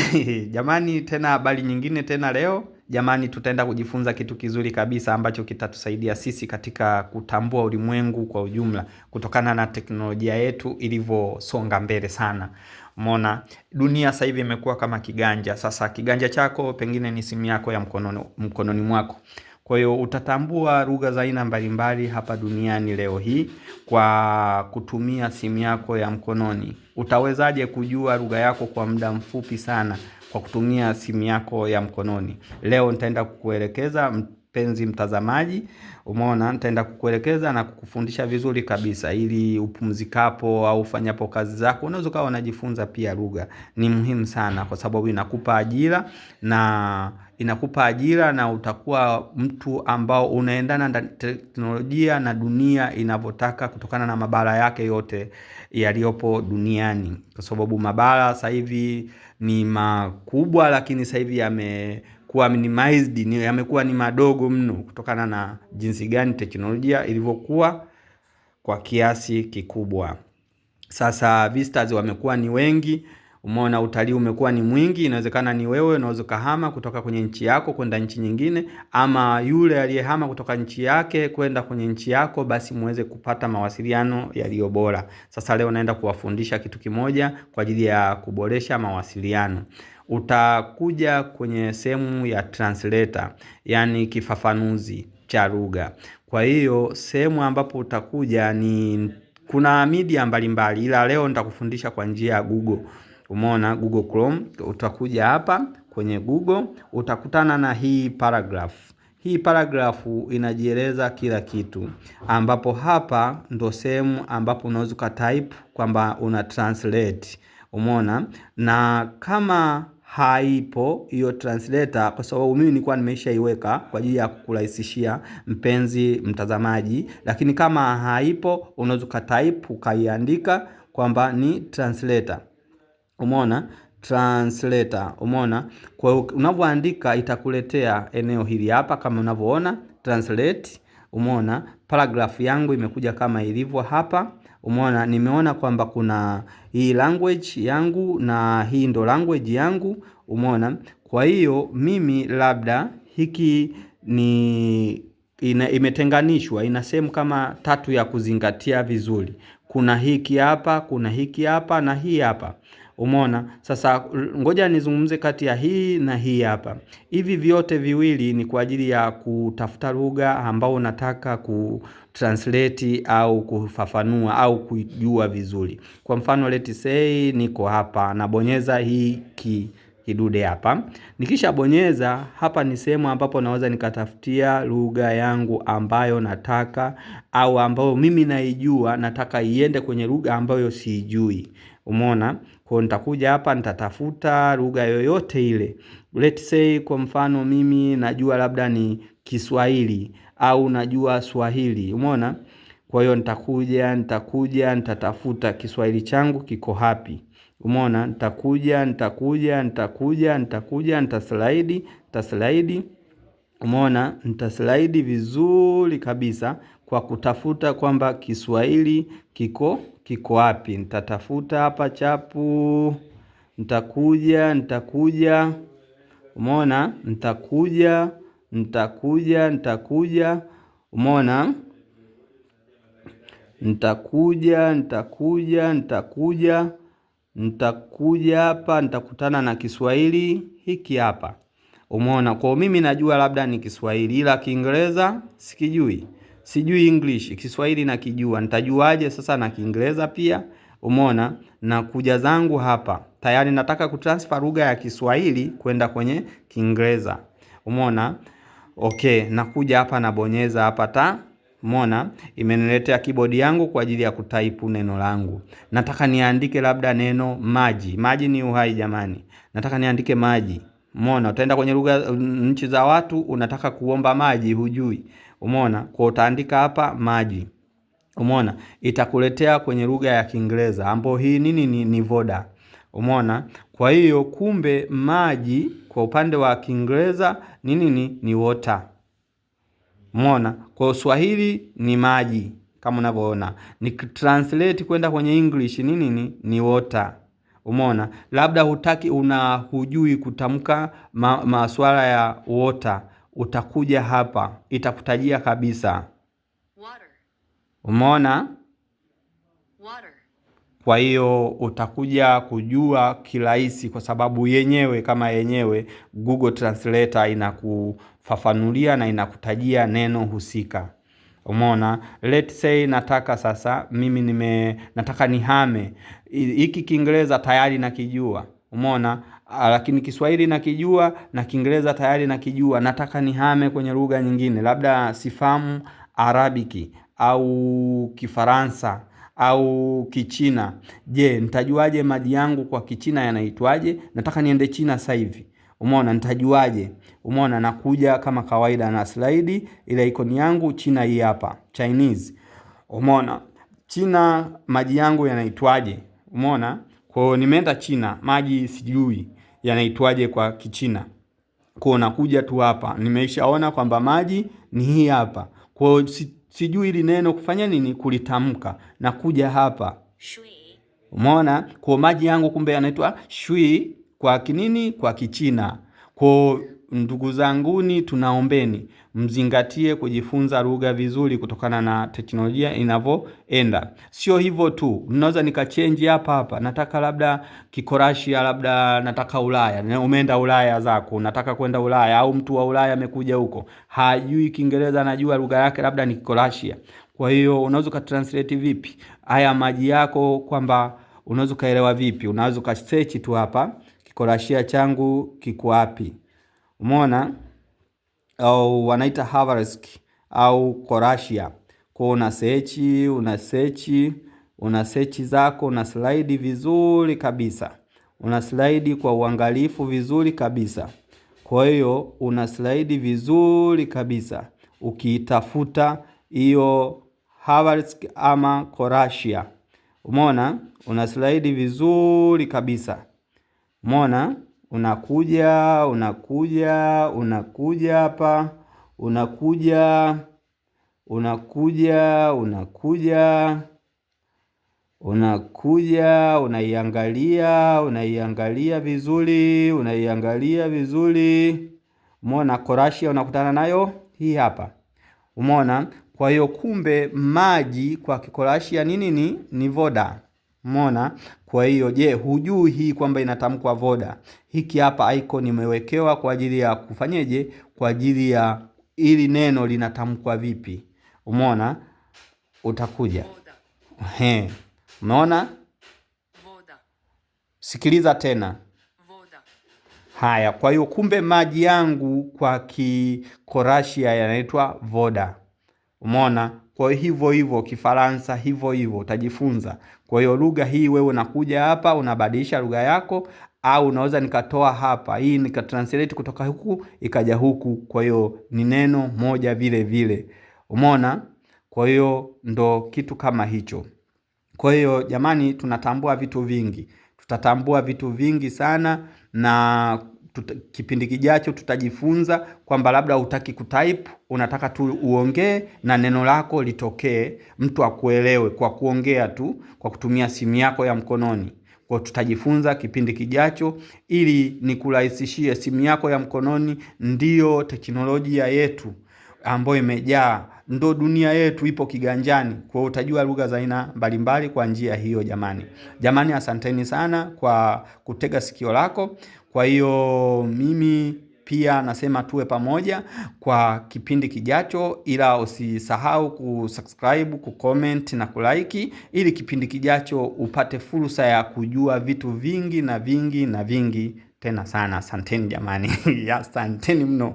Jamani, tena habari nyingine tena leo. Jamani, tutaenda kujifunza kitu kizuri kabisa ambacho kitatusaidia sisi katika kutambua ulimwengu kwa ujumla, kutokana na teknolojia yetu ilivyosonga mbele sana. mona dunia sasa hivi imekuwa kama kiganja. Sasa kiganja chako pengine ni simu yako ya mkononi, mkononi mwako kwa hiyo utatambua lugha za aina mbalimbali hapa duniani leo hii kwa kutumia simu yako ya mkononi. Utawezaje kujua lugha yako kwa muda mfupi sana kwa kutumia simu yako ya mkononi? Leo nitaenda kukuelekeza mpenzi mtazamaji, umeona, nitaenda kukuelekeza na kukufundisha vizuri kabisa, ili upumzikapo au ufanyapo kazi zako unaweza ukawa unajifunza pia. Lugha ni muhimu sana, kwa sababu inakupa ajira na inakupa ajira na utakuwa mtu ambao unaendana na teknolojia na dunia inavyotaka, kutokana na mabara yake yote yaliyopo duniani, kwa sababu mabara sasa hivi ni makubwa, lakini sasa hivi yame kuwa minimized, ni, yamekuwa ni madogo mno kutokana na jinsi gani teknolojia ilivyokuwa kwa kiasi kikubwa. Sasa visitors wamekuwa ni wengi, umeona utalii umekuwa ni mwingi. Inawezekana ni wewe unaweza ukahama kutoka kwenye nchi yako kwenda nchi nyingine, ama yule aliyehama kutoka nchi yake kwenda kwenye nchi yako, basi muweze kupata mawasiliano yaliyo bora. Sasa leo naenda kuwafundisha kitu kimoja kwa ajili ya kuboresha mawasiliano utakuja kwenye sehemu ya translator, yani kifafanuzi cha lugha. Kwa hiyo sehemu ambapo utakuja ni kuna media mbalimbali, ila leo nitakufundisha kwa njia ya Google. Umeona Google Chrome, utakuja hapa kwenye Google utakutana na hii paragraph. Hii paragrafu inajieleza kila kitu, ambapo hapa ndo sehemu ambapo unaweza ukatype kwamba una translate. Umeona, na kama haipo hiyo translator kwa sababu mimi nilikuwa nimeshaiweka kwa ajili ya kukurahisishia mpenzi mtazamaji, lakini kama haipo unaweza ukatype ukaiandika kwamba ni translator. Umeona translator, umeona. Kwa hiyo unavyoandika itakuletea eneo hili hapa, kama unavyoona translate. Umeona paragraph yangu imekuja kama ilivyo hapa. Umeona, nimeona kwamba kuna hii language yangu na hii ndo language yangu. Umeona, kwa hiyo mimi labda hiki ni ina, imetenganishwa ina sehemu kama tatu ya kuzingatia vizuri. Kuna hiki hapa, kuna hiki hapa na hii hapa. Umeona? Sasa ngoja nizungumze kati ya hii na hii hapa. Hivi vyote viwili ni kwa ajili ya kutafuta lugha ambao unataka ku translate au kufafanua au kujua vizuri. Kwa mfano, let's say niko hapa nabonyeza hii ki kidude hapa. Nikishabonyeza hapa, ni sehemu ambapo naweza nikatafutia lugha yangu ambayo nataka au ambayo mimi naijua, nataka iende kwenye lugha ambayo siijui. Umeona? Kwa nitakuja hapa nitatafuta lugha yoyote ile. Let's say kwa mfano mimi najua labda ni Kiswahili au najua Swahili. Umeona? Kwa hiyo nitakuja nitakuja nitatafuta Kiswahili changu kiko hapi. Umeona? Nitakuja nitakuja nitakuja nitakuja nitaslaidi nitaslaidi. Umeona? Nitaslaidi vizuri kabisa kwa kutafuta kwamba Kiswahili kiko kiko wapi? Nitatafuta hapa chapu, nitakuja nitakuja, umeona, nitakuja nitakuja nitakuja, umeona, nitakuja nitakuja nitakuja nitakuja hapa, nitakutana na Kiswahili hiki hapa, umeona. Kwa mimi najua labda ni Kiswahili, ila Kiingereza sikijui sijui English, Kiswahili nakijua, nitajuaje sasa na Kiingereza pia? Umeona, na kuja zangu hapa tayari nataka kutransfer lugha ya Kiswahili kwenda kwenye Kiingereza. Umeona, okay, nakuja hapa nabonyeza hapa ta Mona imeniletea kibodi yangu kwa ajili ya kutaipu neno langu. Nataka niandike labda neno maji. Maji ni uhai jamani, nataka niandike maji. Mona utaenda kwenye lugha nchi za watu, unataka kuomba maji, hujui Umeona? Kwa utaandika hapa maji. Umeona? Itakuletea kwenye lugha ya Kiingereza ambapo hii nini ni, ni voda. Umeona? Kwa hiyo kumbe maji kwa upande wa Kiingereza ni nini? Ni water. Umeona? Kwa Kiswahili ni maji kama unavyoona. Ni translate kwenda kwenye English ni nini? Ni water. Umeona? Labda hutaki una hujui kutamka ma, masuala ya water utakuja hapa, itakutajia kabisa. Umeona? Kwa hiyo utakuja kujua kirahisi, kwa sababu yenyewe kama yenyewe Google Translator inakufafanulia na inakutajia neno husika. Umeona? Let's say nataka sasa mimi nime nataka nihame hiki Kiingereza tayari nakijua. Umeona? Ah, lakini Kiswahili nakijua na Kiingereza tayari nakijua, nataka nihame kwenye lugha nyingine, labda sifahamu Arabiki au Kifaransa au Kichina. Je, nitajuaje maji yangu kwa Kichina yanaitwaje? Nataka niende China sasa hivi. Umeona, nitajuaje? Umeona, nakuja kama kawaida na slaidi ile ikoni yangu China hii hapa, Chinese. Umeona, China maji yangu yanaitwaje? Umeona, kwa nimeenda China, maji sijui yanaitwaje kwa Kichina. Kwa unakuja tu hapa, nimeshaona kwamba maji ni hii hapa. Kwa si, sijui ili neno kufanya nini kulitamka, nakuja hapa Umeona, kwa maji yangu kumbe yanaitwa shui kwa kinini, kwa Kichina kwa Ndugu zanguni, tunaombeni mzingatie kujifunza lugha vizuri, kutokana na teknolojia inavyoenda. Sio hivyo tu, mnaweza nikachenji hapa hapa, nataka labda Kikorasia, labda nataka Ulaya, umeenda Ulaya zako, nataka kwenda Ulaya, au mtu wa Ulaya amekuja huko, hajui Kiingereza, anajua lugha yake labda ni Kikorashia. Kwa hiyo unaweza ukatranslate vipi haya maji yako, kwamba unaweza ukaelewa vipi? Unaweza ukasearch tu hapa, Kikorashia changu kiko wapi? umeona, au wanaita Havarisk au Korasia. Kwa una sechi una search una sechi zako, una slide vizuri kabisa, una slide kwa uangalifu vizuri kabisa. Kwa hiyo una slide vizuri kabisa ukiitafuta hiyo Havarisk ama Korasia. Umeona, una slide vizuri kabisa. Umeona unakuja unakuja unakuja hapa unakuja unakuja unakuja unakuja unaiangalia unaiangalia vizuri unaiangalia vizuri umeona korashia unakutana nayo hii hapa umeona kwa hiyo kumbe maji kwa kikorashia nini ni ni voda Mona. Kwa hiyo je, hujui hii kwamba inatamkwa voda? Hiki hapa icon imewekewa kwa ajili ya kufanyeje? Kwa ajili ya ili neno linatamkwa vipi? Umeona, utakuja he, umeona. Sikiliza tena voda. Haya, kwa hiyo kumbe maji yangu kwa Kikorasia yanaitwa voda. Umeona? Kwa hivyo hivyo Kifaransa hivyo hivyo utajifunza. Kwa hiyo lugha hii wewe unakuja hapa unabadilisha lugha yako au unaweza nikatoa hapa hii nikatranslate kutoka huku ikaja huku. Kwa hiyo ni neno moja vile vile. Umeona? Kwa hiyo ndo kitu kama hicho. Kwa hiyo jamani, tunatambua vitu vingi, tutatambua vitu vingi sana na tuta, kipindi kijacho tutajifunza kwamba labda hutaki kutype, unataka tu uongee na neno lako litokee, mtu akuelewe kwa kuongea tu kwa kutumia simu yako ya mkononi. Kwa tutajifunza kipindi kijacho, ili nikurahisishie. Simu yako ya mkononi ndiyo teknolojia yetu ambayo imejaa, ndo dunia yetu ipo kiganjani. Kwa utajua lugha za aina mbalimbali kwa njia hiyo. Jamani, jamani, asanteni sana kwa kutega sikio lako. Kwa hiyo mimi pia nasema tuwe pamoja kwa kipindi kijacho, ila usisahau kusubscribe, kucomment na kulike, ili kipindi kijacho upate fursa ya kujua vitu vingi na vingi na vingi tena sana. Asanteni jamani, asanteni mno.